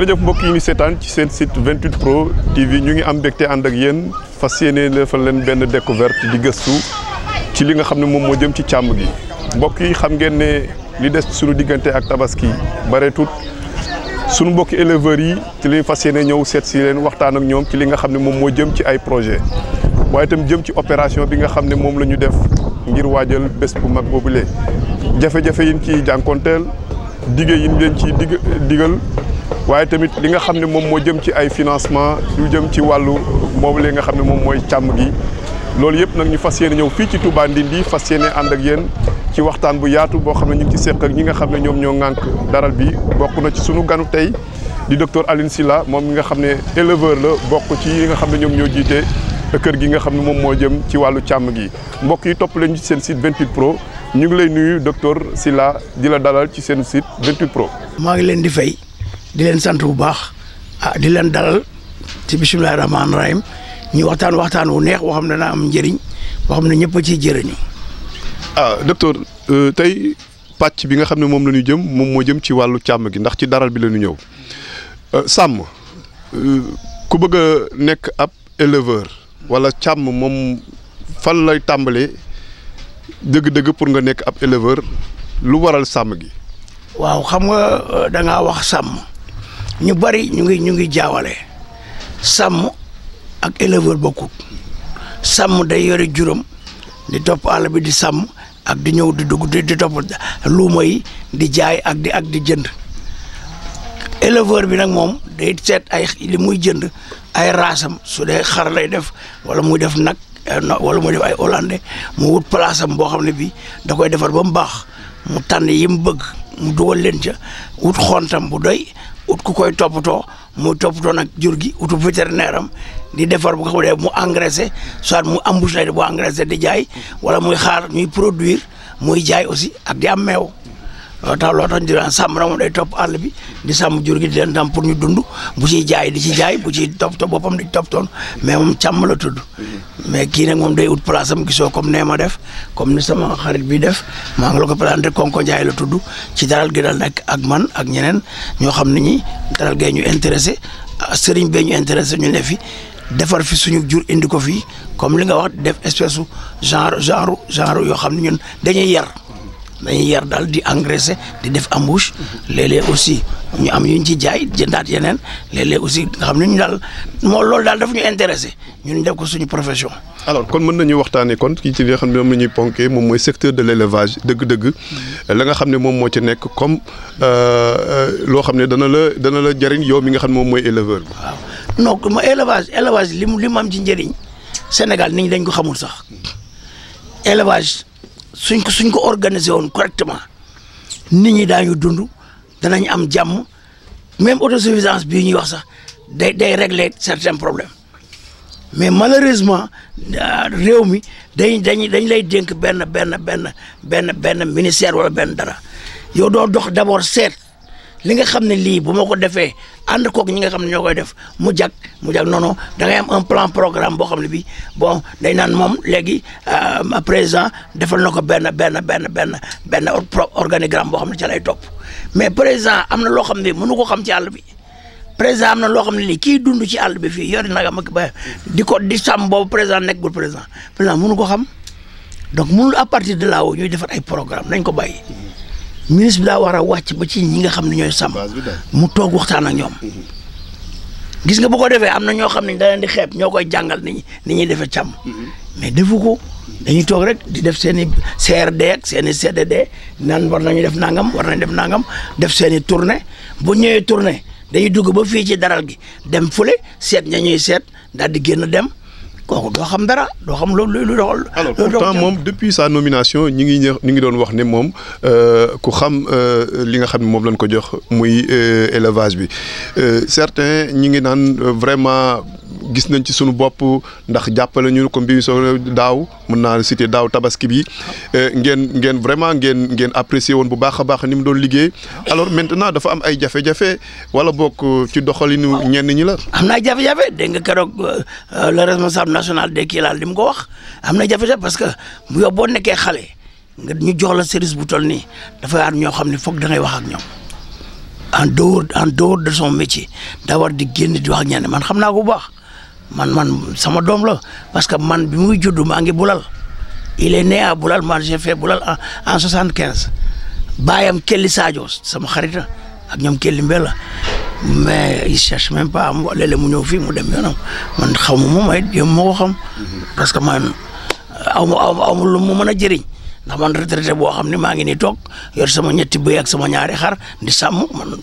jërëjëf mbokk yi ñu seetaan ci seen site 28 pro TV ñu ngi am mbégte ànd ak yéen fas yéene defal leen benn découverte di gëstu ci li nga xam ne moom moo jëm ci càmm gi mbokk yi xam ngeen ne li des suñu diggante ak tabaski bareetut suñu mbokki éleveurs yi ci fas yéene ñëw seet si leen waxtaan ak ñoom ci li nga xam ne moom moo jëm ci ay projet waaye itam jëm ci opération bi nga xam ne moom la ñu def ngir waajal bés bu mag boobule jafe-jafe yi ñu ciy jànkonteel dige yi ñu leen ci dig digal waaye tamit li nga xam ne moom moo jëm ci ay financement lu jëm ci wàllu boobu li nga xam ne moom mooy càmm gi loolu yëpp nag ñu fas yéene ñëw fii ci Touba Ndindi fas yéene ànd ak yéen ci waxtaan bu yaatu boo xam ne ñu ngi ci seq ak ñi nga xam ne ñoom ñoo ŋànk daral bi bokk na ci sunu ganu tey di docteur Alioune Sylla moom mi nga xam ne éleveur la bokk ci yi nga xam ne ñoom ñoo jiite kër gi nga xam ne moom moo jëm ci wàllu càmm gi mbokk yi topp leen ci seen site pro ñu ngi lay nuyu docteur Sylla di la dalal ci seen site 28 maa ngi leen di fay di leen sant bu baax ah di leen dalal ci bisimilah rahmaani rahim ñu waxtaan waxtaan wu neex boo xam ne naa am njariñ boo xam ne ñëpp a ciy jëriñu. ah docteur euh, tey pàcc bi nga xam ne moom la jëm moom moo jëm ci wàllu càmm gi ndax ci daral bi la ñu ñëw euh, sàmm euh, ku bëgg a nekk ab éleveur wala càmm moom fan lay tàmbalee. dëgg-dëgg pour nga nekk ab éleveur lu waral sàmm gi. waaw xam nga euh, danga wax sàmm ñu bari ñu ngi ñu ngi jaawale sàmm ak éleveur bokkut sàmm day yore juróom di topp àll bi di sàmm ak di ñëw di dugg di topp luuma yi di jaay ak di ak di jënd éleveur bi nag moom day seet ay li muy jënd ay raasam su dee xar lay def wala muy def nag. Eh, wala mu def ay hollandais mu wut place am boo xam ne bii da defar ba mu baax mu tànn yi mu bëgg mu dugal leen ca wut xontam bu doy ut ku koy toppatoo mu toppatoo nag jur gi utu vétérinaire am di defar bu nga xam ne mu engraissé soit mu embouche lay bu engraissé di jaay wala muy xaar muy produire muy jaay aussi ak di am meew. tax loo tax ñu daan sàmm na moom day topp àll bi di sàmm jur gi di leen dam pour ñu dund bu ciy jaay di ci jaay bu ciy toppatoo boppam di toppatoon mais moom càmm la tudd mais kii nag moom day ut place am gisoo comme nee ma def comme ni sama xarit bi def maa ngi la ko présenté Konko jaay la tudd ci daral gi dal nekk ak man ak ñeneen ñoo xam ni ñi daral gee ñu intéressé sëriñ bee ñu intéressé ñu ne fi defar fi suñu jur indi ko fii comme li nga wax def espèce genre genre genre yoo xam ne ñun dañuy yar dañuy yar daal di engraisser di def embouche léeg-léeg aussi ñu am yuñ ci jaay jëndaat yeneen léeg-léeg aussi nga xam ne ñu daal moo loolu daal daf ñu intéressé ñun def ko suñu profession. alors kon mën nañu waxtaanee kon ci li nga xam ne moom la ñuy ponkee mooy secteur de l' élevage dëgg-dëgg mm-hmm. la nga xam ne moom moo ci nekk comme euh, euh, loo xam ne dana la dana la jëriñ yow mi nga xam moom mooy éleveur bi. waaw non ma élevage élevage li mu li am ci njariñ Sénégal nit ñi dañ ko xamul sax élevage. suñ ko suñ ko organiser woon correctement nit ñi daañu dund danañu am jàmm même autosuffisance bii ñuy wax sax day day régler certains problèmes mais malheureusement euh, réew mi dañ dañ dañ lay dénk benn benn benn benn benn benn ministère wala benn dara yow doo dox d'abord seet li nga xam ne lii bu ma ko defee ànd kook ñi nga xam ne ñoo koy def mu jag mu jag nono non da ngay am un plan programme boo xam ne bi bon day naan moom léegi euh, président defal na ko benn benn benn benn benn organigramme boo xam ne ca lay topp mais président am na loo xam ne mënu ko xam ci àll bi président am na loo xam ne lii kii dundu ci àll bi fii yori nagam ak ba di ko di sàmm boobu président nekk bul président président mënu ko xam donc mënul a partir de là ñuy defar ay programme nañ ko bàyyi ministre bi daa war a wàcc ba ci ñi nga xam ni ñooy sàmm mu toog waxtaan ak ñoom mm-hmm. gis nga bu ko defee am na ñoo xam ne da leen di xeeb ñoo koy jàngal ni ni ñuy defee càmm mm-hmm. mais defu ko dañuy toog rek di def seeni i CRD seeni seen i CDD naan war nañu def nangam war nañu def nangam def seen i tournée bu ñëwee tournée dañuy dugg ba fii ci daral gi dem fule seet ña ñuy seet daal di génn dem kooku doo xam dara doo xam loolu lu doxal. alors pourtant moom depuis sa nomination ñi ngi ñë ñu ngi doon wax ne moom euh, ku xam euh, li nga xam ne moom lañ ko jox muy euh, élevage bi certains ñi ngi naan vraiment. gis nañ ci suñu bopp ndax jàppale ñu ko mbiru soo daaw mën naa cité daaw tabaski bi eh, ngeen ngeen vraiment ngeen ngeen apprécié woon bu baax a baax ni mu doon liggéey alors maintenant dafa am ay jafe-jafe wala bokk ci doxalinu ñenn ñi la. am naa jafe-jafe dégg nga keroog euh, le responsable national de kii laal li mu ko wax am na jafe-jafe parce que mu yow boo nekkee xale nga ñu jox la service bu toll nii dafa am ñoo xam ni foog da wax ak ñoom. en dehors en dehors de son métier d' avoir di génn di wax ñenn man xam naa bu baax man man sama doom la parce que man bi muy judd maa bulal il est né à bulal man j'ai bulal en en soixante quinze baayam Kelli Sadio sama xarita ak ñoom Kelli Mbella la mais il cherche pas am léeg mu ñëw fii mu dem yoonam man xamu ma may yëm ma ko xam mhm. parce que man aw ma aw ma lu mu mën a jëriñ ndax man retraité boo xam ne maa ngi nii toog yor sama ñetti bëy ak sama ñaari xar ndi sàmm man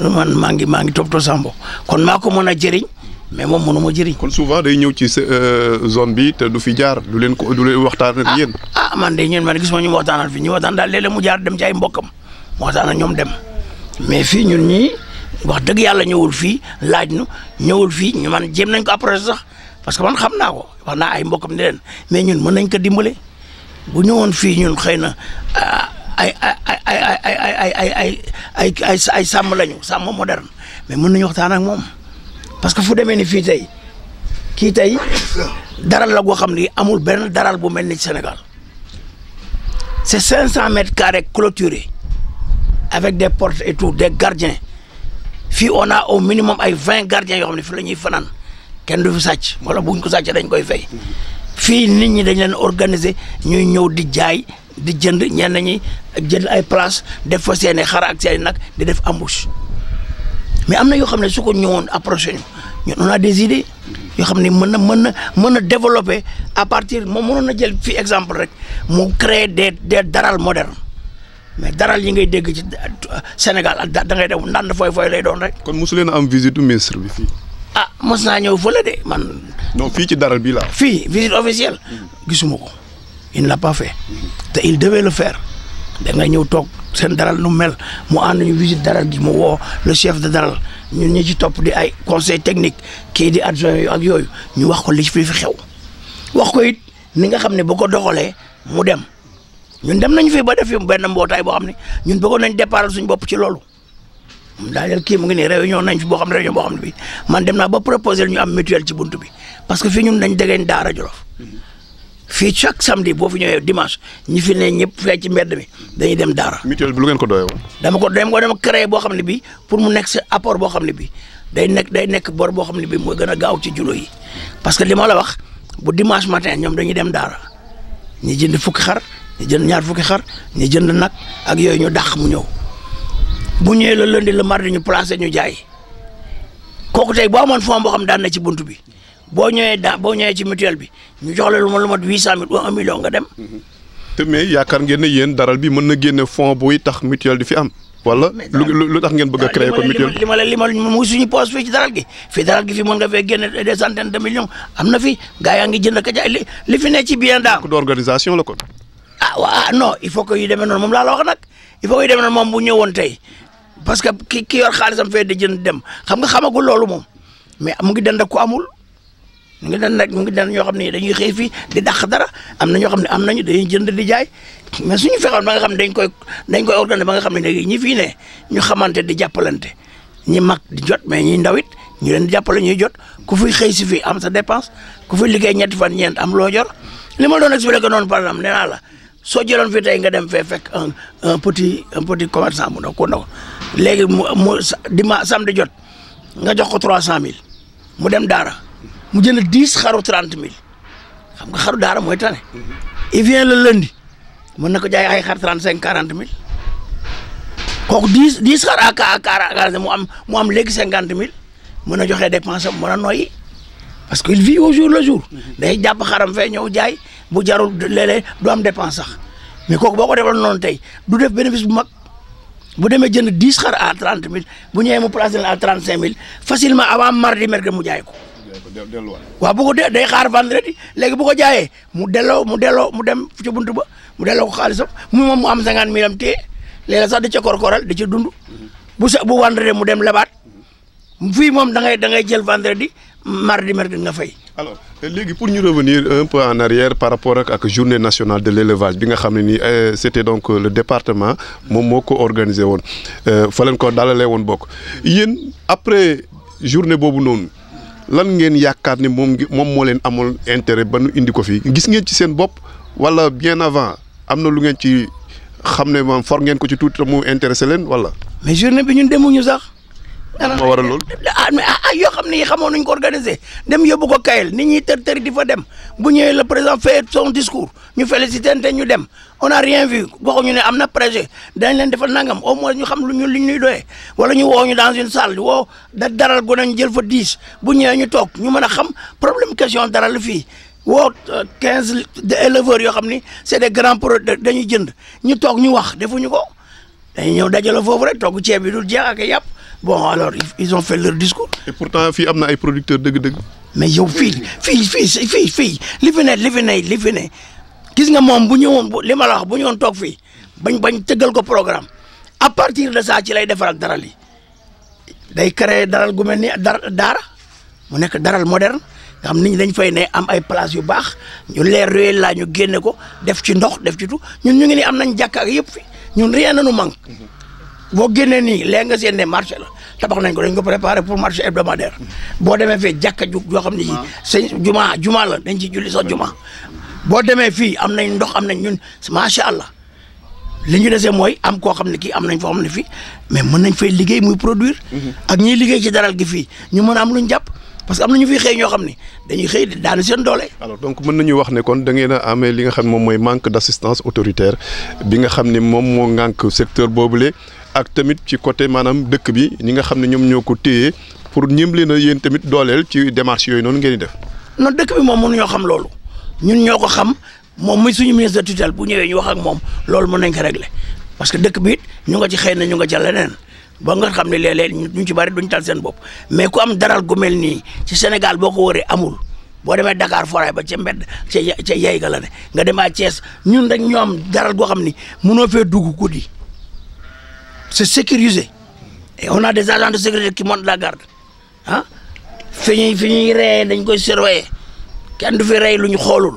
man maa ngi maa ngi toppatoo sàmm kon maa ko mën a jëriñ. mais moom mënu ma jëriñ. kon souvent day ñëw ci zone bi te du fi jaar du leen ko du leen waxtaan ak yéen. ah man de ñun man gis ma ñu a fi ñu waxtaan daal léeg-léeg mu jaar dem ci ay mbokkam waxtaan ak ñoom dem mais fii ñun ñii wax dëgg yàlla ñëwul fii laaj nu ñëwul fii ñu man jéem nañ ko approché sax parce que man xam naa ko wax naa ay mbokkam ne leen mais ñun mën nañ ko dimbale bu ñëwoon fii ñun xëy na ay ay ay ay ay ay ay ay ay ay sàmm lañu sàmm moderne mais mën nañu waxtaan ak moom. parce que fu demee ni fii tey kii tey daral la goo xam ni amul benn daral bu mel ni Sénégal c'est cinq cent mètres carrés clôturés avec de portes et tout des gardiens fii on a au minimum ay vingt gardiens yoo xam ne fi la ñuy fanaan kenn du fi sàcc wala buñ ko sàcc dañ koy fay fii nit ñi dañ leen organiser ñuy ñëw di jaay di jënd ñenn ñi jënd ay place def fa seene xar ak seeni nag di def embouche mais am na yoo xam ne su ko ñëwoon approché ñu on a des idées yoo xam ne mën na mën na mën a développer à partir moom mënoon na jël fii exemple rek mu créer des des daral moderne mais daral yi ngay dégg ci Sénégal ak da ngay def ndànd fooy fooy lay doon rek. kon mosu leen am visite ministre bi fii. ah mos naa ñëw fële de man. non fii ci daral bii la fii visite officielle. Hmm. gisuma ko il l'a pas fait te il devait le faire. da nga ñëw toog seen daral nu mel mu ànd ñu visite daral gi mu woo le chef de daral ñun ñu ci topp di ay conseil technique kii di adjoint yu ak yooyu ñu wax ko li fi xew wax ko it ni nga xam ne bu ko doxalee mu dem ñu dem nañ fi ba def benn mbootaay boo xam ne ñun bëggoon nañ départal suñ bopp ci loolu daaneel kii mu ngi ne réunion nañ fi boo xam ne réunion boo xam ne bi man dem naa ba proposer ñu am mutuelle ci bunt bi parce que fii ñun dañ degeen daara Jolof fii chaque samedi boo fi ñëwee dimanche ñi fi ne ñëpp fee ci mbedd mi dañuy dem daara. mutuelle bi lu ngeen ko doyoo. dama ko dem ko dama créé boo xam ne bii pour mu nekk sa apport boo xam ne bi day nekk day nekk bor boo xam ne bi mooy gën a gaaw ci julo parce que li ma la wax bu dimanche matin ñoom dañuy dem daara ñu jënd fukki xar ñu jënd ñaar fukki xar ñu jënd nag ak yooyu ñu dàq mu ñëw bu ñëwee la lundi la mardi ñu placé ñu jaay kooku tey boo amoon fond boo xam daan na ci buntu bi. boo ñëwee daa boo ñëwee ci mutuelle bi ñu jox la lu ma lu mat huit cent mille ou un million nga dem. Mm-hmm. te mais yaakaar ngeen ne yéen daral bi mën na génne fonds buy tax mutuelle di fi am. wala lu lu tax ngeen bëgg a créer ko mutuelle li ma la li ma mu suñu poos fii ci de millions am na fi gaa yaa ngi jënd li fi ne ci bien daam. la kon. ah waaw ah, non il faut que yu demee noonu moom laa la wax nag il faut que yu demee noonu moom bu ñëwoon tey parce que ki ki yor xaalisam fee di jën dem xam nga xamagul loolu moom mais mu ngi dend ku amul ñu ngi daan nag ñu ngi daan ñoo xam ne dañuy xëy fii di dàq dara am na ñoo xam ne am nañu dañuy jënd di jaay mais suñu fexoon ba nga xam ne dañ koy dañ koy organiser ba nga xam ne léegi ñi fii ne ñu xamante di jàppalante ñi mag di jot mais ñi ndawit ñu leen di jàppale ñuy jot ku fiy xëy si fii am sa dépense ku fiy liggéey ñetti fan ñeent am loo jor li ma doon expliqué noonu par exemple nee naa la soo jëloon fii tey dem fee fekk un un petit un petit commerçant bu ndaw ndaw léegi mu mu dimanche samedi jot nga jox ko trois cent mille mu dem daara mu jënd dix xaru trente mille xam nga xaru daara mooy tane. il vient le lundi mën na ko jaay ay xar trente cinq quarante mille kooku dix dix xar ak ak quarante mu am mu am léegi cinquante mille mën a joxe dépense mu mën a noyyi parce que il vit au jour le jour. day jàpp xaram fee ñëw jaay bu jarul léeg-léeg du am dépense sax mais kooku boo ko defal noonu tey du def bénéfice bu mag. bu demee jënd dix xar à trante mille bu ñëwee mu placé leen à trente cinq mille facilement avant mardi mercredi mu jaay ko. delluwaat waaw bu ko de day xaar vendredi léegi bu ko jaayee mu delloo mu delloo mu dem ci buntu ba mu delloo ko xaalisam mu moom mu am cinquante mille am téye léeg-léeg sax di ca korkoral di ca dund mm-hmm. bu sax bu vendredi mu dem lebaat mm-hmm. fii moom da ngay da ngay jël vendredi mardi mercredi nga fay. alors léegi pour ñu revenir un peu en arrière par rapport ak ak journée nationale de l' élevage bi nga xam ne nii eh, c' était donc euh, le département moom moo ko organisé woon euh, fa leen ko dalalee woon bokk yéen après journée boobu noonu. lan ngeen yaakaar ne moom moom moo leen amul intérêt ba nu indi ko fii gis ngeen ci seen bopp wala bien avant am na lu ngeen ci xam ne moom for ngeen ko ci tuuti te mu intéressé leen wala. mais journée bi ñun demuñu sax. dana ma waral loolu ah mais ah, ah, ah, ah yoo xam ne yi xamoon nañ ko organisé dem yóbbu ko kayel nit ñi tër tër di fa dem bu ñëwee le président fait son discours ñu félicité te ñu dem on a rien vu waxuñu ne am na projet dañ leen defal nangam au moins ñu xam lu ñu luñ ñuy doyee wala ñu woo ñu dans une salle woo da daral gu nañ jël fa dix bu ñëwee ñu toog ñu mën a xam problème question daral fii woo euh, quinze de éleveurs yoo xam ni c'est des grands produits dañuy jënd ñu toog ñu wax defuñu ko dañuy ñëw dajale foofu rek togg ceeb bi dul jeex ak yàpp bon alors ils ont fait leur discours. et pourtant fii am na ay producteurs dëgg-dëgg. mais yow fii fii fii fii fii li fi ne li fi ne li fi ne gis nga moom bu ñëwoon bu li ma la wax toog fii bañ bañ tëggal ko programme a partir de saa ci lay defaral daral yi day créer daral gu mel ni daara mu nekk daral moderne nga xam nit ñi dañ fay ne am ay place yu baax ñu leer ruelle laa ñu génne ko def ci ndox def ci tout ñun ñu ngi ni am nañ jàkka ak yëpp fi ñun rien na nu manque boo génnee nii léegi nga seen ne marché la tabax nañ ko dañ ko préparé pour marché hebdomadaire boo demee fee jàkka ju yoo xam ne ji sëñ juma juma dañ ci julli sax juma boo demee fii am nañ ndox am nañ ñun macha allah li ñu desee mooy am koo xam ne kii am nañ foo xam ne fii mais mën nañ fay liggéey muy produire. Mm-hmm. ak ñiy liggéey ci daral gi fii ñu mën a am luñ jàpp. parce que am na ñu fi xëy ñoo xam ni dañuy xëy daanu seen doole. alors donc mën nañu wax ne kon da ngeen amee li nga xam moom mooy manque d' assistance autoritaire bi nga xam ne moom moo ŋànk secteur boobu boobule ak tamit ci côté maanaam dëkk bi ñi nga xam ne ñoom ñoo ko pour ñim leen a yéen tamit dooleel ci démarche yooyu noonu ngeen di def. non dëkk bi moom mënuñoo xam loolu ñun ñoo ko xam moom muy suñu ministre de tutelle bu ñëwee ñu wax ak moom loolu mën nañ ko régler parce que dëkk bi ñu nga ci xëy na ñu nga leneen ba nga xam ne léeg ñu ci bari duñ tal seen bopp mais ku am daral gu mel nii ci Sénégal boo ko wëree amul boo demee Dakar foray ba ca mbedd ca ca yey ne nga demaa Thiès ñun rek ñoo am daral goo xam ni mënoo fee dugg guddi c'est sécurisé et on a des agents de sécurité qui montent la garde ah fi ñuy fi ñuy reyee dañ koy surveiller kenn du fi rey lu ñu xoolul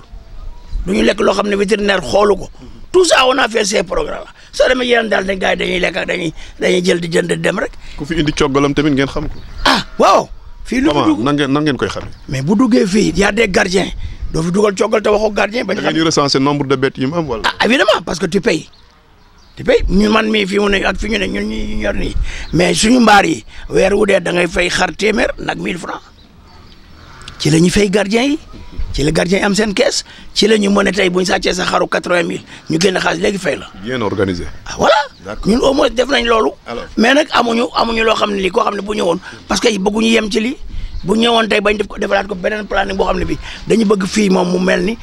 du ñu lekk loo xam ne vétérinaire xoolu ko tout ça on a fait ces programmes soo demee yeneen daal dañ gars dañuy lekk ak dañuy dañuy jël di jënd dem rek. ku fi indi coggalam tamit ngeen xam ko. ah waaw. fii lu mu dugg nan ngeen nan ngeen koy xamee. mais bu duggee fii y a des gardiens doo fi dugal coggal te waxoo gardien. bañ xam da ngeen recenser nombre de bêtes yi mu am wala. ah évidemment parce que tu payes tu payes ñu man mii fi mu ne ak fi ñu ne ñun ñu yor nii mais suñu mbaar yi weer wu dee da ngay fay xar téeméer nag 1000 francs ci la ñuy fay gardien yi. ci la gardien am seen kees ci la ñu mën a tey bu ñu sàccee sa xaru quatre-vingt mille ñu génn xaalis léegi fay la. bien organisé. ah voilà ñun au moins def nañ loolu. mais nag amuñu amuñu loo xam ne lii koo xam ne bu ñëwoon parce que i bëgguñu yem ci lii. bu ñëwoon tey bañ def ko defalaat ko beneen planning boo xam ne bi dañu bëgg fii moom mu mel ni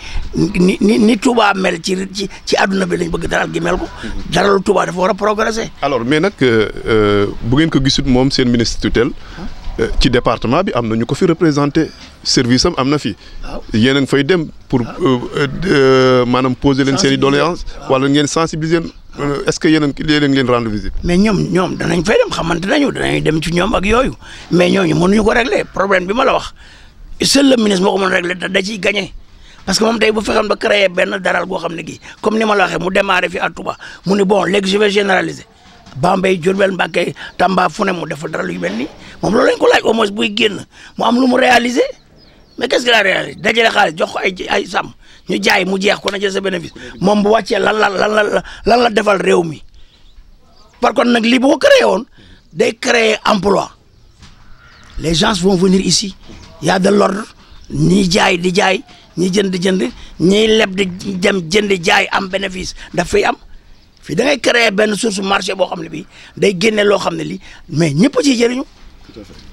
ni ni ni Touba mel ci ci ci àdduna bi lañ bëgg daral gi mel ko. Mhm. daralu Touba dafa war a progresser. alors mais nag euh, euh, bu ngeen ko gisut moom seen ministre tutelle. Euh, ci département bi am na ñu ko fi représenté service am am na fi. yéen a fay dem pour euh, euh, maanaam poser leen seen i doléance wala ngeen sensibiliser est-ce que yéen a ngi leen rendre visite. mais ñoom ñoom danañ fay dem xamante nañu danañ dem ci ñoom ak yooyu mais ñooñu mënuñu ko régler problème bi ma la wax seul le ministre moo ko mën a régler da ciy gagné. parce que moom tey bu fexeem ba créer benn daral goo xam ne gi comme ni ma la waxee mu démarré fi à Touba ne bon léegi je vais Bambey Diourbel Mbacké Tamba fu ne mu defal dara lu mel ni moom loolu lañ ko laaj au buy génn mu am lu mu réaliser mais qu'est-ce qu'il a réalisé xaalis jox ko ay ay sàmm ñu jaay mu jeex ko na jël sa bénéfice moom bu wàccee lan la lan la lan la defal réew mi par contre nag lii bu ko créé woon day créer emploi les gens vont venir ici y a de l'ordre ñiy jaay di jaay ñi jënd jënd ñiy leb di dem jënd jaay am bénéfice daf fay am. fii da ngay créer benn source marché boo xam ne bii day génne loo xam ne lii mais ñëpp ciy jëriñu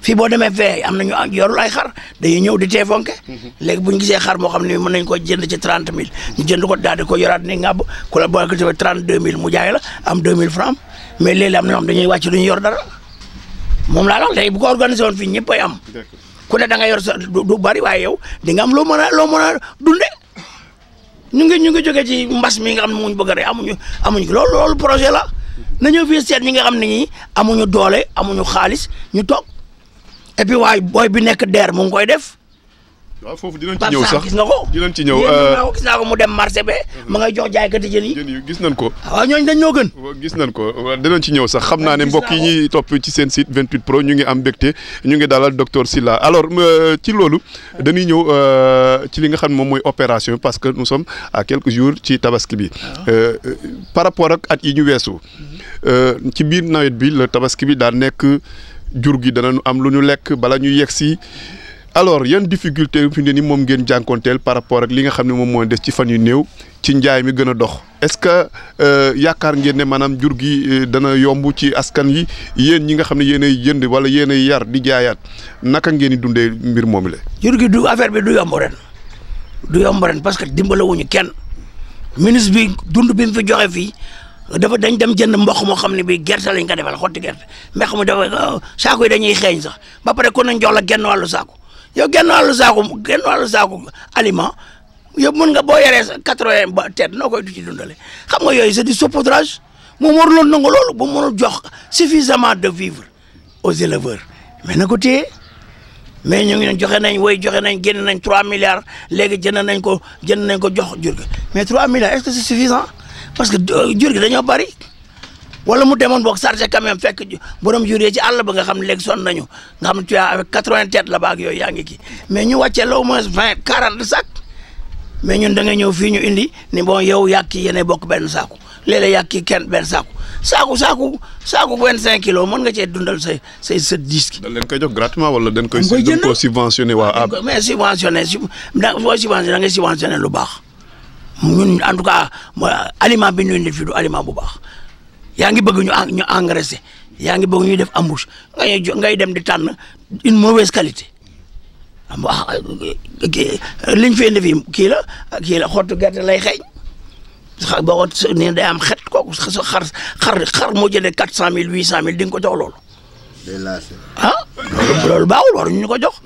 fii boo demee fee am nañu yorul ay xar dañuy ñëw di teefonke mm-hmm. léegi bu ñu gisee xar moo xam ne mën nañ ko jënd ci trente mille ñu jënd ko daal ko yoraat ni ngàbb ku la boo ko tamit trente deux mille mu jaay la am deux mille francs mais léegi am na ñoo xam dañuy wàcc lu ñu yor dara moom laa wax léegi bu ko organisé fii ñëpp ay am ku ne da nga yor sa bari waaye yow di nga am loo mën a loo mën a dunde ñu ngi ñu ngi jógee ci mbas mi nga xam ne mooñu bëgg a rey amuñu amuñu loolu loolu projet na nañu fi seet ñi nga xam ne ñi amuñu doole amuñu xaalis ñu toog et puis waaye booy bi nekk deer mu ngi koy def waa foofu dinañ ci ñëw sax gis na ko dinañ ci ñëw euh, gis naa ko mu dem marché be mhm. ma ngay jox jaaykati jën yi jën gis nañ ko waaw ñooñu dañ ñoo gën gis nañ ko dinañ ci ñëw sax xam naa ne mbokk yi ñuy topp ci seen site 28 pro ñu ngi am mbégte ñu ngi dalal docteur Sylla alors euh, ci loolu dañuy ñëw euh, ci li nga xam ne moom mooy opération parce que nous sommes à quelques jours ci tabaski bi ah. par rapport ak at yi ñu weesu mhm. ci biir nawet bi la tabaski bi daal nekk jur gi danañ am lu ñu lekk bala ñu yegg si alors yan difficulté fi ne ni moom ngeen jànkoonteel par rapport ak li nga xam ne moom mooy des ci fan yu néew ci njaay mi gën a dox est-ce que euh, yaakaar ngeen ne maanaam jur gi euh, dana yomb ci askan yi yéen ñi nga xam ne yéenay jënd wala yéenay yar di jaayaat naka ngeen di dundee mbir moom la. jur gi du affaire bi du yomb ren du yomb ren parce que dimbalawuñu kenn ministre bi dund bi mu fi joxe fii dafa dañ dem jënd mboq moo xam ne bii gerte lañ ko defal xotti gerte mais xam dafa euh, saako yi dañuy xeeñ sax ba pare nañ jox la genn wàllu saako. yow genn wàllu saako genn wàllu saako aliment yow mën nga boo yoree sa quatre ba tête noo koy du ci dundale xam nga yooyu c'est du saupoudrage moom waruloon nangu loolu ba mënul jox suffisamment de vivre aux éleveurs mais na ko téye mais ñu ngi joxe nañ woy joxe nañ génn nañ trois milliards léegi jënd nañ ko jënd nañ ko jox jur gi mais trois milliards est-ce que c'est suffisant parce que euh, jur gi dañoo bari wala mu demoon boog chargé quand fekk borom jur yi ba nga xam ne léegi sonn nañu nga xam ne tu as avec quatre-vingt-sept la baag yooyu yaa ngi kii mais ñu wàccee la au moins vingt quarante sac mais ñun da nga ñëw fii ñu indi ni bon yow yàq yene bokk benn saako léeg-léeg yàq kenn benn saako saako saako saako vingt-cinq kilos mën nga cee dundal say say sa disque. dañ leen koy jox gratuitement wala dañ koy. dañ koy subventionné waa ab. mais subventionné su da lu baax ñun en tout cas aliment bi ñu indi fii aliment bu baax. yaa ngi bëgg ñu ñu engraissé yaa ngi bëgg ñu def embouche ngay ngay dem di tànn une mauvaise qualité am liñ fi indi fii kii la kii la xottu gerte lay xeeñ xa boo ko nee day am xet kooku xar xar xar moo jëlee quatre cent mille huit cent mille di nga ko jox loolu. ah loolu baaxul war ñu ko jox.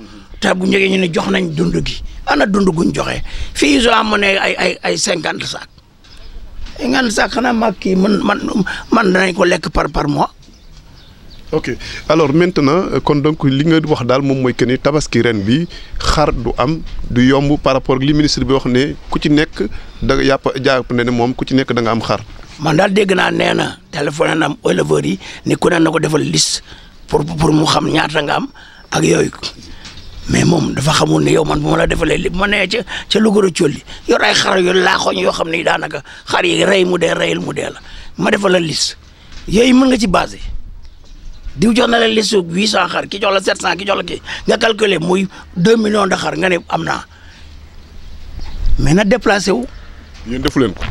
te bu ñu ñu ne jox nañ dund gi ana dund guñ joxe fii su am ne ay ay ay ngeen sax xanaa mag kii man man man danañ ko lekk par par mois. ok alors na kon donc li nga wax daal moom mooy que ni tabaski ren bi xar du am du yomb par rapport li ministre bi wax ne ku ci nekk da yàpp jàpp ne ne moom ku ci nekk da nga am xar. man daal dégg naa nee na téléphone na am éleveurs yi ni ku ne na ko defal liste pour pour mu xam ñaata nga am ak yooyu. mais moom dafa xamul ne yow man bu ma la defalee lépp ma nee ca ca Louga colli yor ay xar yu laaxoñ yoo xam ne daanaka xar yi rey mu dee reyul mu dee la ma defal la liste yooyu mën nga ci basé diw jox na la liste huit cent xar ki jox la sept cent ki jox la kii nga calculer muy deux millions de xar nga ne am naa mais na déplacé wu. ñun defu ko.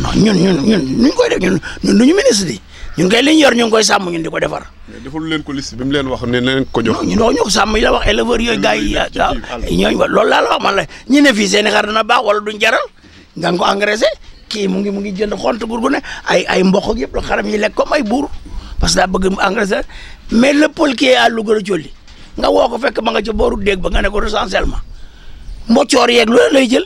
non ñun ñun ñun ñu koy def ñun ñun du ñu ministre di ñun kay li ñu yor ñu ngi koy sàmm ñun di ko defar. deful leen ko liste bi mu leen wax ne leen ko jox. ñun wax ñu ko la wax éleveurs yooyu gars yi waaw ñooñu wa loolu la wax man la ñu ne i xar dana baax wala duñ jaral nga ko engraissé kii mu ngi mu ngi jënd xont gur gu ne ay ay mboq ak yëpp la xaram yi lekk comme ay buur parce que bëgg mu engraissé mais le pôle qui est à Louga nga woo ko fekk ma nga ca booru déeg ba nga ne ko recensement mbocoor yeeg la lay jël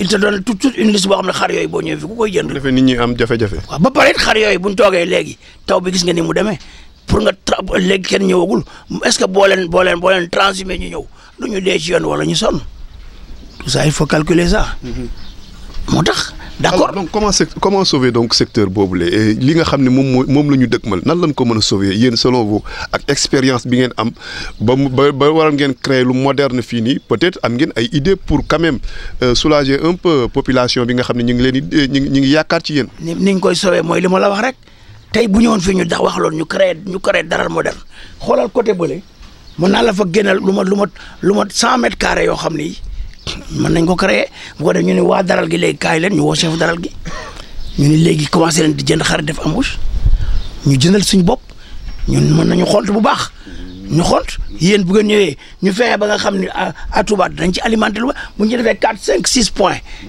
il te donne tout toute une liste boo xam ne xar yooyu boo ñëwee fi ku koy jënd. nit ñi am jafe-jafe. waaw ba pare it xar yooyu bu ñu toogee léegi taw bi gis nga ni mu demee pour nga tra léegi kenn ñëwagul est-ce que boo leen boo leen boo leen transhumé ñu ñëw du ñu wala ñu sonn tout ça il faut calculer ça. Mm-hmm. mo tax. d'accord donc comment comment sauver donc secteur le li nga xam ne moom moo moom la ñu dëkkmal nan lañ ko mën a sauver yéen selon vous ak expérience bi ngeen am ba mu ba ba waral ngeen créer lu moderne fii nii peut-être am ngeen ay idées pour quand même euh, soulager un peu population bi nga xam ne ñu ngi leen di euh, ñu ngi ñu ngi yaakaar ci yéen. ni ni ngi koy sauver mooy li ma la wax rek tey bu ñëwoon fii ñu dax wax loolu ñu créer ñu créer dara moderne xoolal côté bële mën naa la fa génneel lu ma lu ma lu ma cent mètres yoo xam ni. mën nañ ko créer bu ko def ñu ne waa daral gi léegi kaay leen ñu woo chef daral gi ñu ni léegi commencé leen di jënd xar def embauche ñu jëndal suñu bopp ñun mën nañu xont bu baax ñu xont yéen bu ngeen ñëwee ñu fexe ba nga xam ne à Touba dañ ci alimenté lu ba bu ñu ci defee quatre cinq six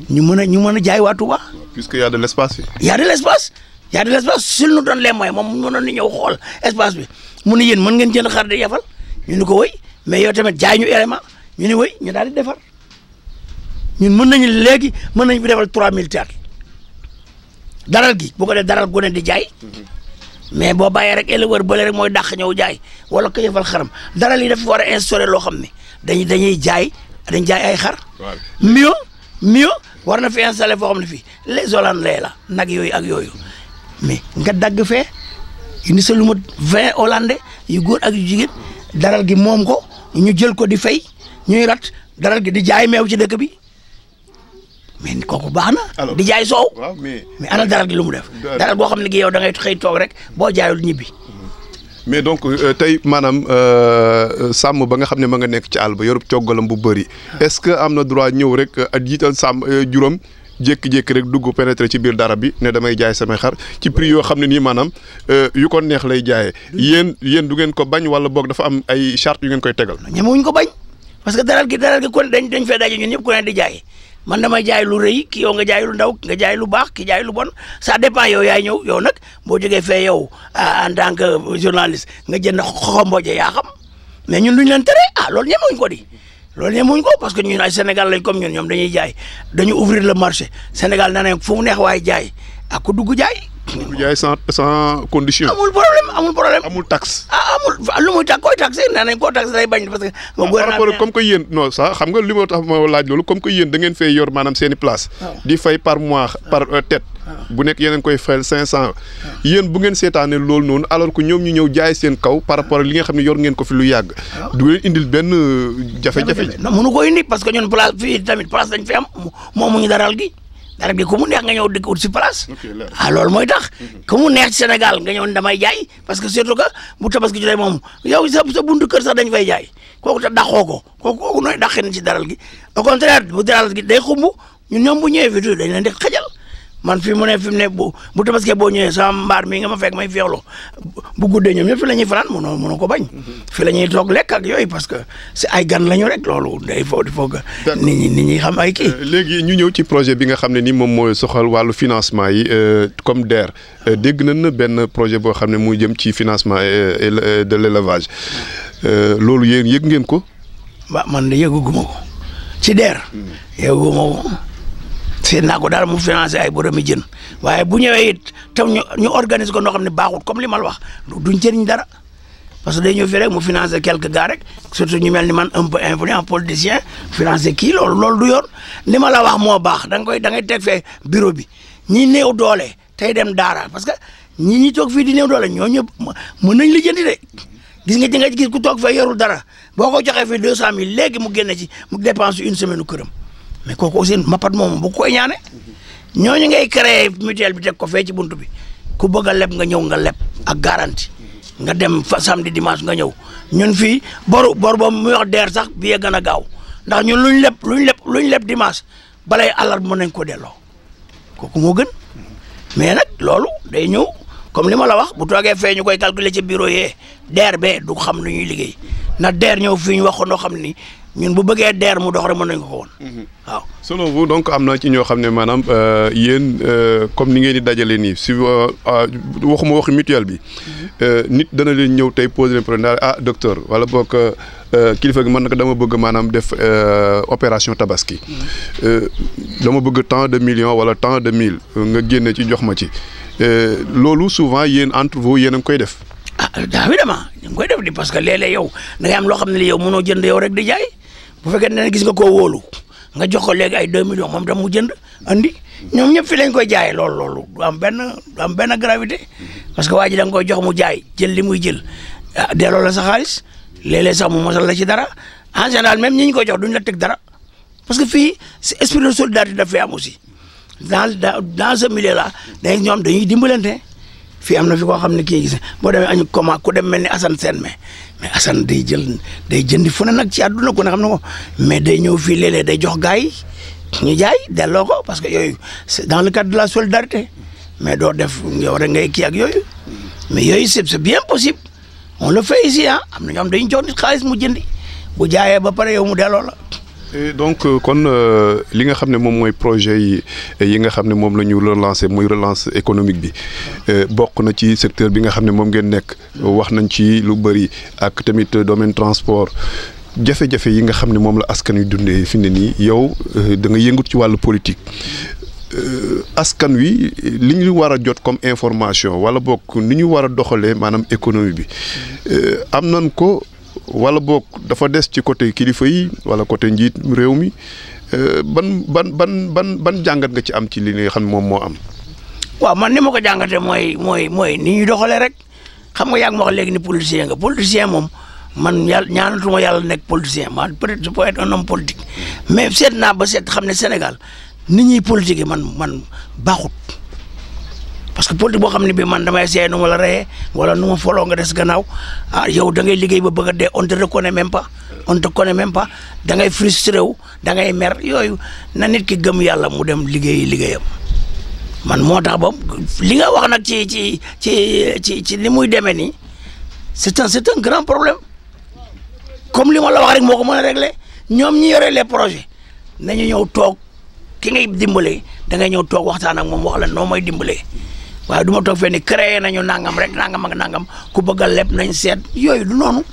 ñu mën a ñu mën a jaay waa Touba. puisque y de l' espace. y a de l' y a de l' espace s'il nous donne les moom mënoon na ñëw xool espace bi mu ne yéen mën ngeen jënd xar di yefal ñu ni ko wëy mais yow tamit jaay ñu élément ñu ni wëy ñu daal di defar. ñun mën nañu léegi mën nañu fi defal trois mille théâtre daral gi boo ko def daral gone di jaay mais boo bàyyee rek éleveur bële rek mooy dàq ñëw jaay wala ko yëfal xaram daral yi dafa war a instauré loo xam ne dañuy dañuy jaay dañ jaay ay xar. mio mio war na fi installé foo xam ne fii les hollandais la nag yooyu ak yooyu mais nga dagg fee indi sa lu ma vingt hollandais yu góor ak yu jigéen daral gi moom ko ñu jël ko di fay ñuy rat daral gi di jaay meew ci dëkk bi. mais kooku baax na. di jaay soow. mais mais ana dara gi lu mu def. dara goo xam ne gi yow da ngay xëy toog rek boo jaayul ñibbi. mais donc euh, tey maanaam euh, euh, sàmm ba nga xam ne ma nga nekk ci àll ba yorub coggalam bu bëri est-ce que am na droit ñëw rek at jiital sàmm juróom jékki-jékki rek dugg pénétrer ci biir dara bi ne damay jaay samay xar ci prix yoo xam ne nii maanaam yu ko neex lay jaayee yéen yéen du ngeen ko bañ wala boog dafa am ay charte yu ngeen koy tegal. ñemewuñ ko bañ parce que daral gi daral gi kon dañ dañ di jaay man damay jaay lu rëy ki yow nga jaay lu ndaw nga jaay lu baax ki jaay lu bon sa dépend yow yaay ñëw yow nag boo jógee fee yow ah, en tant que journaliste nga jënd xoxomboje yaa xam mais ñun lu ñu leen tere ah loolu ñemewuñ ko di loolu ñemewuñ ko parce que ñun ay Sénégal lañ comme ñun ñoom dañuy jaay dañu ouvrir le marché Sénégal na ne fu neex waay jaay ak ku dugg jaay ñu ko jaay sans sans condition. amul problème amul problème amul taxe. Ah, amul lu muy tax koy taxé nee nañ koo taxé day bañ parce que. Ah, par rapport comme que yéen no ça xam nga li ma tax ma laaj loolu comme que yéen da ngeen fay yor maanaam seen i place. Ah. di fay par mois par euh, tête. bu nekk yéen a koy fayal cinq cent. yéen bu ngeen seetaanee loolu noonu alors que ñoom ñu ñëw jaay seen kaw par rapport li nga xam ne yor ngeen ko fi lu yàgg. du ngeen indil benn euh, jafe-jafe. non mënu ko indi parce que ñun place dañ fi am moomuñu dara bi ku mu neex nga ñëw dëkk ut si place. ah loolu mooy tax. Mhm. ku neex ci Sénégal nga ñëw damay jaay parce que surtout que bu tabaski jotee moom yow sa sa buntu kër sax dañ fay jaay kooku te dàqoo ko kooku kooku nooy dàqee na ci daral gi au contraire bu daral gi day xumb ñun ñoom bu ñëwee fii dañ leen di man fi mu ne fi mu ne bu tabaskee boo ñëwee sama mbaar mi nga ma fekk may feexlu bu guddee ñoom ñëpp fi la ñuy fanaan mënoo mënoo ko bañ. Mm-hmm. fi la ñuy toog lekk ak yooyu parce que si ay gan la ñu rek loolu day faut il faut que. nit ñi xam ay kii. Euh, léegi ñu ñëw ci projet bi nga xam ne ni moom mooy soxal wàllu financement yi euh, comme DER euh, dégg nañ na benn projet boo xam ne muy jëm ci financement de l'élevage loolu yéen yëg ngeen ko. ba man de yëguguma ko ci DER. Mm. yëguguma ko. seen naa ko daal mu financé ay boromi jën waaye bu ñëwee it tam ñu organise ko noo xam ne baaxut comme li ma la wax duñ jëriñ dara parce que day ñëw fii rek mu financé quelque gars rek mel ni man un peu influent politicien financé kii loolu loolu du yor li ma la wax moo baax da nga koy da ngay teg fee bureau bi ñi néew doole te dem daara parce que ñi ñi toog fii di néew doole ñoo ñëpp mën nañ lijjanti de gis nga di nga gis ku toog fee yorul dara boo ko joxee fii deux cent mille léegi mu génne ci mu dépense une semaine u këram mais kooku aussi mbapat moom bu koy ñaane ñooñu ngay créé mutuelle bi teg ko fee ci buntu bi ku bëgg a leb nga ñëw nga leb ak garantie nga dem fa samedi dimanche nga ñëw ñun fii boru bor boobu muy wax der sax bi gën a gaaw ndax ñun luñ leb luñ leb luñ leb dimanche balay àllarba mën nañ ko delloo kooku moo gën mais nag loolu day ñëw comme li ma la wax bu toogee fee ñu koy calculer ci bureau yee deer bee du xam lu ñuy liggéey na deer ñëw fii ñu waxoon loo xam ni ñun bu bëggee deer mu dox rek mën nañ ko ko woon. Mhm. waaw donc am na ci ñoo xam ne maanaam euh, yéen euh, comme ni ngeen di dajale nii si euh, waxuma waxi mutuelle bi mhm. nit dana leen ñëw tey posé leen ah docteur wala boog kilifa gi mën na ko dama bëgg maanaam def opération tabaski. Mhm. dama bëgg tant de millions wala tant de mille nga génne ci jox ma ci loolu souvent yéen entre vous yéen a ngi koy def. ah évidemment ñu ngi koy def di parce que léeg-léeg yow da am loo xam ne yow mënoo jënd yow rek di jaay. bu fekkee ne gis nga koo wóolu nga jox ko léegi ay 2 millions moom tam mu jënd andi ñoom ñëpp fi lañ koy jaayee loolu loolu du am benn am benn gravité parce que waa ji da nga koy jox mu jaay jël li muy jël ah la sa xaalis léeg-léeg sax mu mosal la ci dara en général même ñi ñu koy jox duñ la teg dara parce que fii si esprit de solidarité daf fi am aussi dans dans ce milieu là ñoom dañuy dimbalante fii am na fi koo xam ne kii gis boo demee añu comment ku dem mel ni Assane Sène mais mais Assane day jël day jëndi fu ne nag ci àdduna ko ne xam na ko mais day ñëw fii léeg-léeg day jox gars yi ñu jaay delloo ko parce que yooyu c'est dans le cadre de la solidarité mais doo def yow rek ngay kii ak yooyu mais yooyu c'est c'est bien possible on le fait ici ah. am na ñoo xam dañu jox nit xaalis mu jëndi bu jaayee ba pare yow mu delloo la. Euh, donc euh, kon euh, li nga xam ne moom mooy projet yi yi nga xam ne moom la ñu relancer mooy relance économique bi bokk na ci secteur bi nga xam ne moom ngeen nekk wax nañ ci lu bëri ak tamit domaine transport jafe-jafe yi nga xam ne moom la askan wi dundee fi ne nii yow da nga yëngut ci wàllu politique askan wi li ñu war a jot comme information wala bokk ni ñu war a doxalee maanaam économie bi am nañ ko. wala boog dafa des ci côté kilifa yi wala côté njiit réew mi euh, ban ban ban ban ban jàngat nga ci am ci li nga xam ne moom moo am. waaw man ni ma ko jàngatee mooy mooy mooy ni ñuy doxalee rek xam nga yaa moo wax léegi ni politicien nga politicien moom man yàlla ñaanatuma yàlla nekk politicien man peut-être je peux être un mais seet naa ba sedd xam ne Sénégal ni ñuy politique man man baaxut. parce que politique boo xam ne bi man damay essayé nu ma la reyee wala nu ma foloo nga des gannaaw ah yow da ngay liggéey ba bëgg a dee on ko ne même pas on te connaît même pas da ngay frustré wu da ngay mer yooyu na nit ki gëm yàlla mu dem liggéey liggéeyam man moo tax ba li nga wax nag ci ci ci ci ci ni muy demee nii c'est un c'est grand problème comme li ma la wax rek moo ko mën a régler ñoom ñi yore les projets nañu ñëw toog ki ngay dimbale da ngay ñëw toog waxtaan ak moom wax la noo mooy dimbalee waaye du ma toog fenn créé nañu nangam rek nangam ak nangam ku bëgg a leb nañ seet yooyu du noonu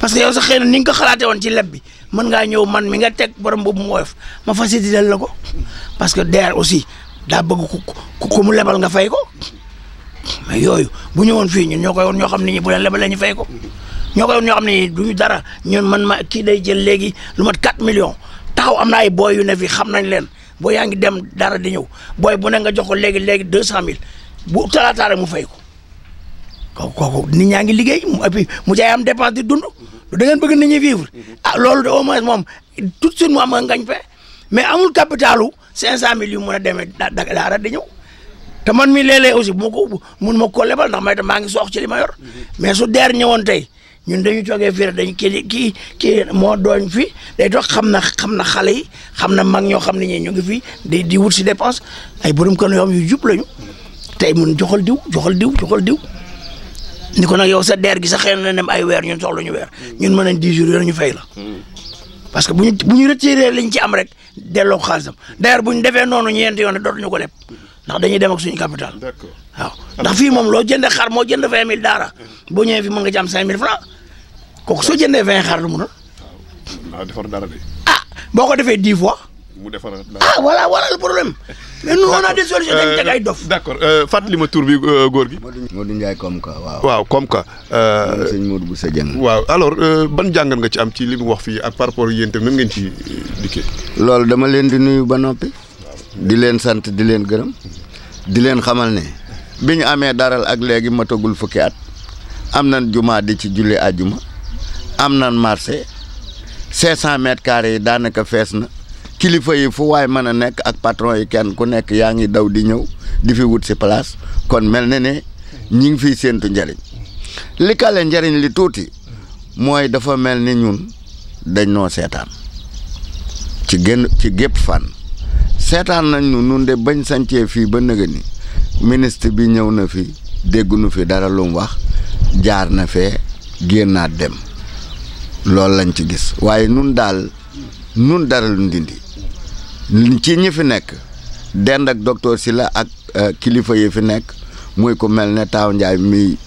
parce que yow sax xëy na ni ko xalaatee woon ci leb bi mën ngaa ñëw man minga nga teg borom boobu mu woyof ma facilité la ko parce que DER aussi daa bëgg ku ku mu lebal nga fay ko mais yooyu bu ñëwoon fii ñun ñoo koy woon ñoo xam ne ñi bu leen lebal la ñu fay ko ñoo koy woon ñoo xam ne du ñu dara ñun man ma kii day jël léegi lu mat 4 millions taxaw am na ay yu ne fi xam nañ leen. boo yaa ngi dem dara di ñëw booy bu ne nga jox ko léegi léegi deux cent mille bu talaataare mu fay ko kooku nit ñaa ngi liggéey mu et mu jaay am dépense di dund lu da ngeen bëgg nit ñi vivre a ah loolu de au moins moom tout de mu am ngañ fe mais amul capitalu cinq mil mille yu mën a demee daara di ñëw te man mi léeg-léeg aussi bu ma ko mun ma ko lebal ndax may tam maa ngi soox ci li ma yor su deer ñëwoon tey ñun dañu toogee fii rek dañ kii ki kii moo dooñ fi day toog xam na xam na xale yi xam na mag ñoo xam ne ñi ñu ngi fi di di wut si dépense ay borom kër yoo xam yu jub lañu tey mun joxal diw joxal diw joxol diw ni ko nag yow sa deer gi sa xëy na dem ay weer ñun soxla ñu weer ñun mën nañ dix jours yor ñu fay la parce que bu ñu bu ñu retiré liñ ci am rek delloo xaalisam d'ailleurs bu ñu defee noonu ñeenti yoon dootuñu ko leb ndax dañuy dem ak suñu capital. d'accord waaw ndax fii moom loo jëndee xar moo jënd vingt mille daara. boo ñëwee fi mën nga ci am cinq mille kooku soo jëndee vingt xar lu mu doon. waaw dara de. ah boo ko defee dix fois. mu defar dara ah voilà voilà le problème. mais nous on ay dof. Euh, d'accord euh, fàttali ma tur bi euh, góor gi. Modou Ndiaye comme quoi waaw. waaw comme quoi. sëñ Modou Boussa Dieng. waaw alors ban jàngat nga ci am ci li mu wax fii ak par rapport ak yéen itam nan ngeen ci dikkee. loolu dama leen di nuyu ba noppi. di leen sant di leen gërëm di leen xamal ne bi ñu amee daral ak léegi matagul fukki at am na jumaa di ci julli àjjuma am na marché 500 mètres carrés yi daanaka fees na kilifa yi fu waay mën a nekk ak patron yi kenn ku nekk yaa ngi daw di ñëw di fi wut si place kon mel na ne ñi ngi fiy séentu njariñ li kale njariñ li tuuti mooy dafa mel ni ñun dañ noo seetaan ci génn ci gépp fànn seetaan nañ nu nun de bañ sancee fii ba nëga ni ministre bi ñëw na fi déggunu fi dara lu wax jaar na fee génnaat dem loolu lañ ci gis waaye nun daal nun dara lu ndindi ci ñi fi nekk dend ak docteur Sylla ak euh, kilifa yi fi nekk muy ko mel ne Taaw Ndiaye mi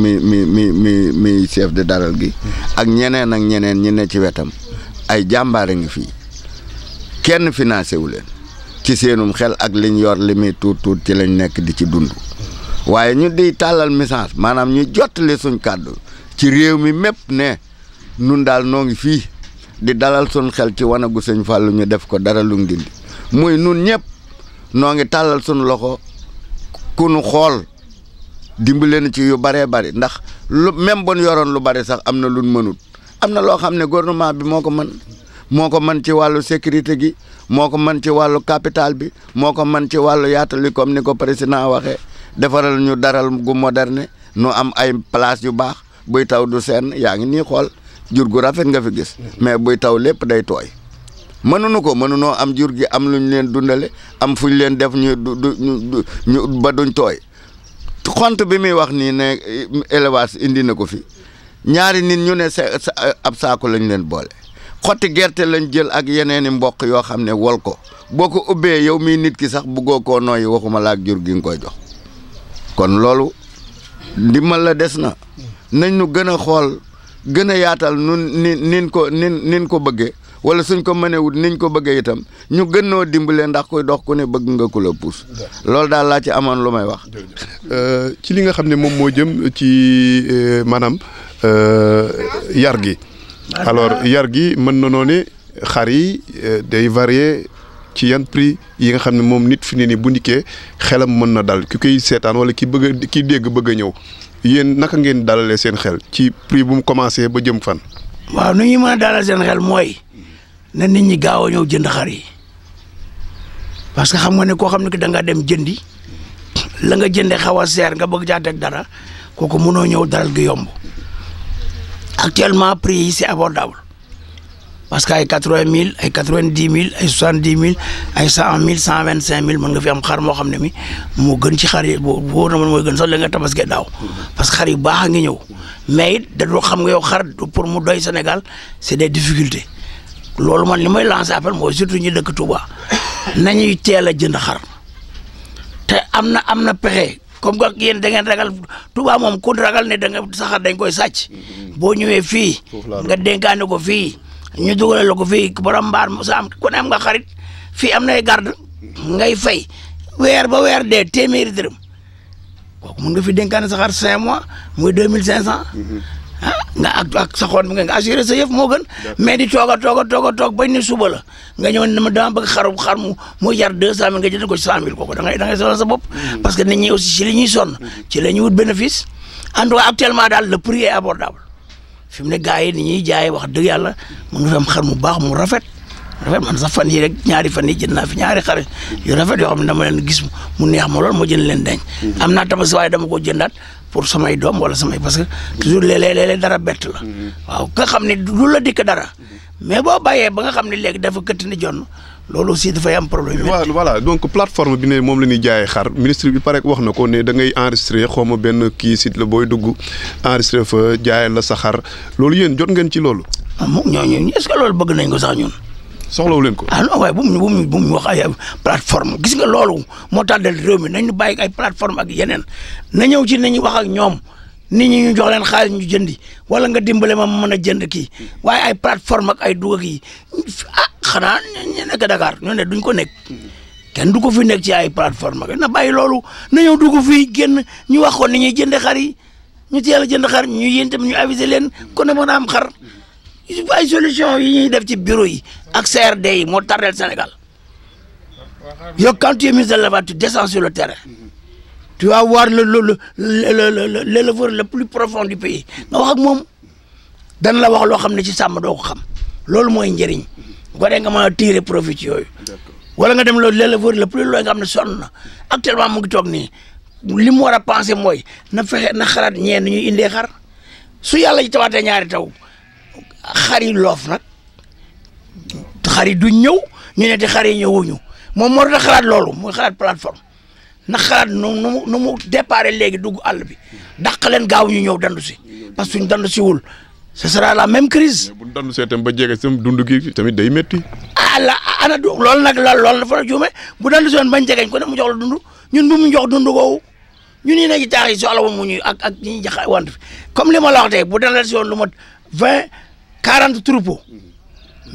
mi mi mi mi mi de daral gi ak ñeneen ak ñeneen ñi ne ci wetam ay jàmbaare ngi fii kenn financé wu leen ci seenum xel ak liñ yor li muy tuut tuut ci lañ nekk di ci dund waaye ñu di tàllal message maanaam ñu jottali suñ kàddu ci réew mi mépp ne nun daal noo ngi fii di dalal suñ xel ci wanagu sëñ Fàllu ñu def ko dara lu ngi dindi muy nun ñëpp noo ngi tàllal suñ loxo ku xool dimbale ci yu baree bari ndax lu même bon yoroon lu bari sax am na luñ mënut am na loo xam ne gouvernement bi moo ko mën moo ko man ci wàllu sécurité gi moo ko man ci wàllu capital bi moo ko man ci wàllu yaatal bi comme ni ko président waxee defaral ñu daral gu moderne noo am ay place yu baax buy taw du seen yaa ngi nii xool jur gu rafet nga fi gis mais buy taw lépp day tooy mënuñu ko mënunoo am jur gi am lu luñ leen dundale am fu fuñ leen def ñu du ba duñ tooy xont bi muy wax nii ne eh, élevage indi na ko fi ñaari nit ñu ne sa ab saako lañ leen boole xotti gerte lañ jël ak yeneen i mboq yoo xam ne wol ko boo ko ubbee yow mii nit ki sax buggoo koo nooyi waxuma laak jur gi nga koy jox kon loolu ndimbal la des na nañ nu gën a xool gën a yaatal nun ni nin ko nin nin ko bëggee wala suñ ko mënewut niñ ko bëggee itam ñu gën noo dimbale ndax kuy dox ku ne bëgg nga ku la puus loolu daal laa ci amoon lu may wax euh, ci li nga xam ne moom moo jëm ci euh, maanaam euh, yar gi alors yar gi mën na noo xar yi euh, day varier ci yan prix yi nga xam ne moom nit fi ne ni bu ndikkee xelam mën na dal ki koy seetaan wala ki bëgg ki dégg bëgg a ñëw yéen naka ngeen dalalee seen xel ci prix bu mu commencé ba jëm fan. waaw nu ñuy mën a dalal seen xel mooy na nit ñi gaaw a ñëw jënd xar yi parce que xam nga ne koo xam ne da nga dem jëndi la nga jëndee xaw a seer nga bëgg caa dara kooku mënoo ñëw dalal gi yomb. actuellement prix yi c'est abordable parce que ay quatre-vingt mille ay quatre vingt mille ay soixante-dix mille ay cent mille cent vingt-cinq mille mën nga fi am xar moo xam ne mi moo gën ci xar yi boo wóor na mën mooy gën sax la nga tabaskee daaw parce que xar yu baax a ngi ñëw mais it doo xam nga yow xar pour mu doy Sénégal c'est des difficultés loolu man li may lancer appel mooy surtout ñi dëkk na nañuy teel a jënd xar te am na am na pexe comme que yéen da ngeen ragal Touba moom ku ragal ne da nga saxar dañ koy sàcc mm-hmm. boo ñëwee fii nga dénkaane ko fii ñu dugalal la ko fii borom mbaar mu sa am ku ne am nga xarit fii am nay garde mm-hmm. ngay fay weer ba weer dee téeméeri dërëm kooku mun nga fi dénkaane saxar cinq mois muy deux mille cinq cent mm-hmm. nga ak ak sa xoon bi sa yëf moo gën. mais di toog a toog a a bañ ne suba nga ñëw ne ma dama bëgg xaru xar mu mu jar deux cent mille nga jënd ko ci cent mille kooku da ngay da ngay sonal sa bopp. Mm-hmm. parce que nit ñi aussi ci li ñuy sonn. Mm-hmm. ci la ñuy wut bénéfice. en tout cas actuellement daal le prix est mu ne gars yi ni ñuy jaayee wax dëgg yàlla mu ngi fi am xar mu baax mu rafet. rafet man sax fan yi rek ñaari fan yi jënd naa fi ñaari xar yu rafet yoo xam ne dama leen gis mu neex ma lool moo jënd leen denc. Mm-hmm. am naa tabaski waaye dama ko jëndaat pour samay doom wala samay parce que toujours léeg-léeg dara bett la waaw nga xam ne du la dikk dara mais boo bàyyee ba nga xam ne léegi dafa këtt ni jonn loolu aussi dafay am problème. voilà donc plateforme bi ne moom la ñuy jaayee xar ministre bi pare wax na ko ne da ngay enregistré xaw ma benn kii site la booy dugg enregistré fa jaayal la sa xar loolu yéen jot ngeen ci loolu. ah moom ñooñu est-ce loolu bëgg nañ ko sax ñun. soxlawu leen ko. a ah, non waaye bu mu bu bu mu wax ay plateforme gis nga loolu moo tax del réew mi nañu bàyyi ay plateforme ak yeneen na ñëw ci nañu wax ak ñoom nit ñu jox leen xaalis ñu jëndi wala nga dimbale ma mën a jënd kii waaye ay plateforme ak ay dugag yi a ah, xanaa ñu nekk Dakar ñoo ne duñ ko nekk. kenn du ko fi nekk ci ay plateforme na bàyyi loolu na ñëw dugg fi génn ñu wax ko ni ñuy jënd xar yi ñu teel a jënd xar ñu yéen itam ñu aviser leen kon ne mën a am xar. il faut ay solution yi ñuy def ci bureau yi ak CRD yi moo tardel Sénégal yow quand tu es ministre de la tu descends sur le terrain tu vas voir le le le l'éleveur le plus profond du pays nga wax moom dan la wax loo xam ne ci sàmm doo ko xam loolu mooy njëriñ bu nga mën a tirer profit ci yooyu wala nga dem loolu l'éleveur le plus loin nga xam ne sonn na actuellement mu ngi toog nii li mu war a penser mooy na fexe na xalaat ñeen ñuy indee xar su yàlla ji tawaatee ñaari taw xari loof nag xari du ñëw ñu ne ti ñëw xari ñëwuñu moom moo tax xalaat loolu mu xalaat plateform ndax xalaat nu mu nu mu déparé léegi dugg àll bi dàq leen gaaw ñu ñëw dandu si parce que suñ dandu si wul ce sera la même crise. bu ñu dandu see tam ba jege sam dund gi tamit day métti. ah la ana du loolu nag la loolu dafa la juume bu dandu si woon bañ jegeñ ko ne mu jox dundu dund ñun bu mu jox dund goowu ñun ñu ne ci taax yi soxla mu ñuy ak ak ñi ñu jaxawante fi comme li ma la wax bu dandu si lu ma vingt. 40 troupeaux mhm.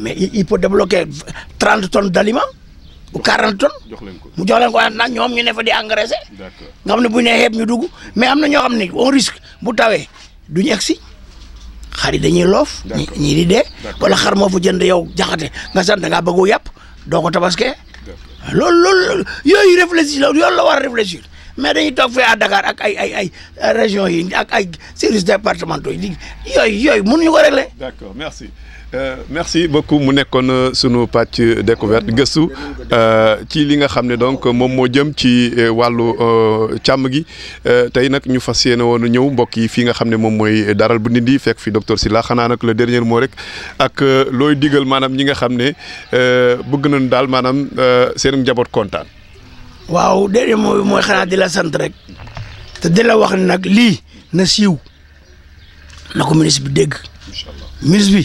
mais il peut débloquer 30 tonnes d' aliment ou 40 tonnes. jox leen ko mu jox leen ko ah, nag ñoom ñu ne fa di engraisser. d' accord nga xam ne bu ñu nee xeeb ñu dugg mais am na ñoo xam ne on risque bu tawee du ñu egg si xar yi dañuy loof. ñii di dee. wala xar moo fa jënd yow jaxate nga sant ngaa bëgg yàpp doo ko tabaskee. loolu lool yooyu réfléchir la loolu la war a mais dañuy toog fee à Dakar ak ay ay ay régions yi ak ay services départementaux yi yooyu yooyu mënuñu ko régler. d'accord merci. Euh, merci beaucoup mu nekkoon euh, sunu pàcc découverte gëstu euh, ci li nga xam ne donc moom moo jëm ci euh, wàllu càmm gi tey nag ñu fas yéene woon ñëw mbokk yi fii nga xam ne moom mooy daral bu nit yi fekk fi docteur Sylla xanaa nag le dernier moo rek ak looy digal maanaam ñi nga xam ne bëgg nañ daal maanaam seen njaboot kontaan. waaw déedéet mooy mooy xanaa di la sant rek te di la wax ne nag lii na siiw na ko ministre bi dégg ministre bi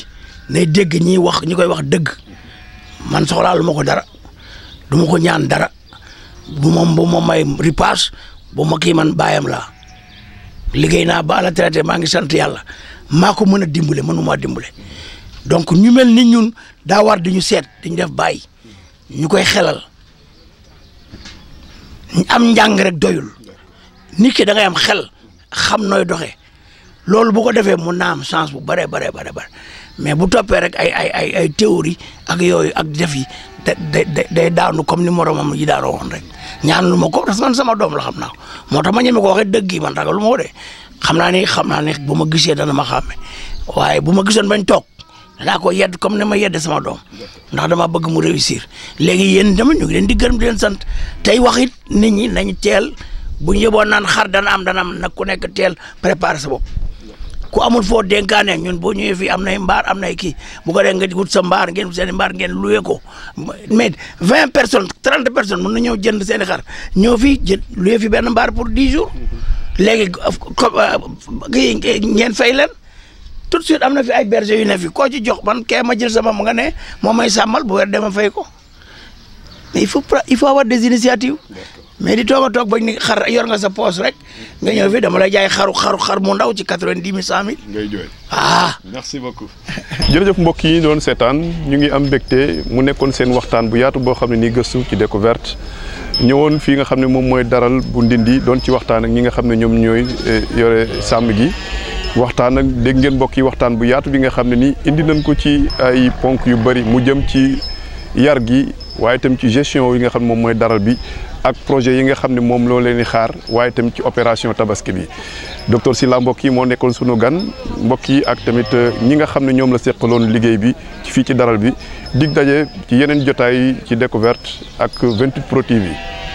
nay dégg ñiy wax ñi koy wax dëgg man soxlaa lu ko dara du ma ko ñaan dara bu moom bu ma may ripaas bu ma kii man baayam laa liggéey naa baala à la maa ngi sant yàlla maa ko mën a dimbale mënumaa dimbale donc ñu mel ni ñun daa war di ñu seet di ñu def baay ñu koy xelal am njàng rek doyul nit ki da ngay am xel xam nooy doxee loolu bu ko defee mun naa am chance bu bare bare bare bare mais bu toppee rek ay ay ay ay théorie ak yooyu ak def yi da day daanu comme ni moromam yi daanoo woon rek ñaan lu ma ko parce man sama doom la xam naa ko moo tax ma ñeme ko waxee dëgg yi man ragal lu ma ko de xam naa ni xam naa ne bu ma gisee dana ma xàmme waaye bu ma gisoon bañ toog. danaa ko yedd comme ni ma yedde sama doom ndax dama bëgg mu réussir léegi yéen dama ñu ngi leen di gërëm di sant tey wax it nit ñi nañ teel bu ñu yeboon naan xar dana am dana nag ku nekk teel préparer sa bopp ku amul foo dénkaane ñun boo ñëwee fii am nay mbaar am nay kii bu ko dee nga wut sa mbaar ngeen seen mbaar ngeen loué ko mais vingt personnes trente personnes mën na ñëw jënd seen i xar ñëw fii jënd loué fi benn mbaar pour dix jours léegi euh, euh, ngeen fay leen tout de suite am na fi ay berge yu ne fi koo ci jox man kee ma jël sama mu nga ne moom may sàmmal bu weer dema fay ko il faut il faut avoir des initiatives mais di toog a toog bañ xar yor nga sa poos rek nga ñëw fi dama lay jaay xaru xaru xar mu ndaw ci quatre-vingt-dix mille cent mille ngay jooy ah merci beaucoup mbokk yi doon seetaan ñu ngi am mbégte mu nekkoon seen waxtaan bu yaatu boo xam ne nii gëstu ci découverte ñëwoon fii nga xam ne moom mooy daral bu ndindi doon ci waxtaan ak ñi nga xam ne ñoom ñooy eh, yore sàmm gi waxtaan ak dégg ngeen mbokk yi waxtaan bu yaatu bi nga xam ne nii indi nañ ko ci ay ponk yu bëri mu jëm ci yar gi waaye itam ci gestion yi nga xam ne moom mooy daral bi ak projet yi nga xam ne moom loo leen di xaar waaye itam ci opération tabaski bi docteur Sylla mbokk yi moo nekkoon sunu gan mbokk yi ak tamit euh, ñi nga xam ne ñoom la seqaloon liggéey bi fii ci daral bi dig daje ci yeneen jotaay ci découverte ak 28 Pro bi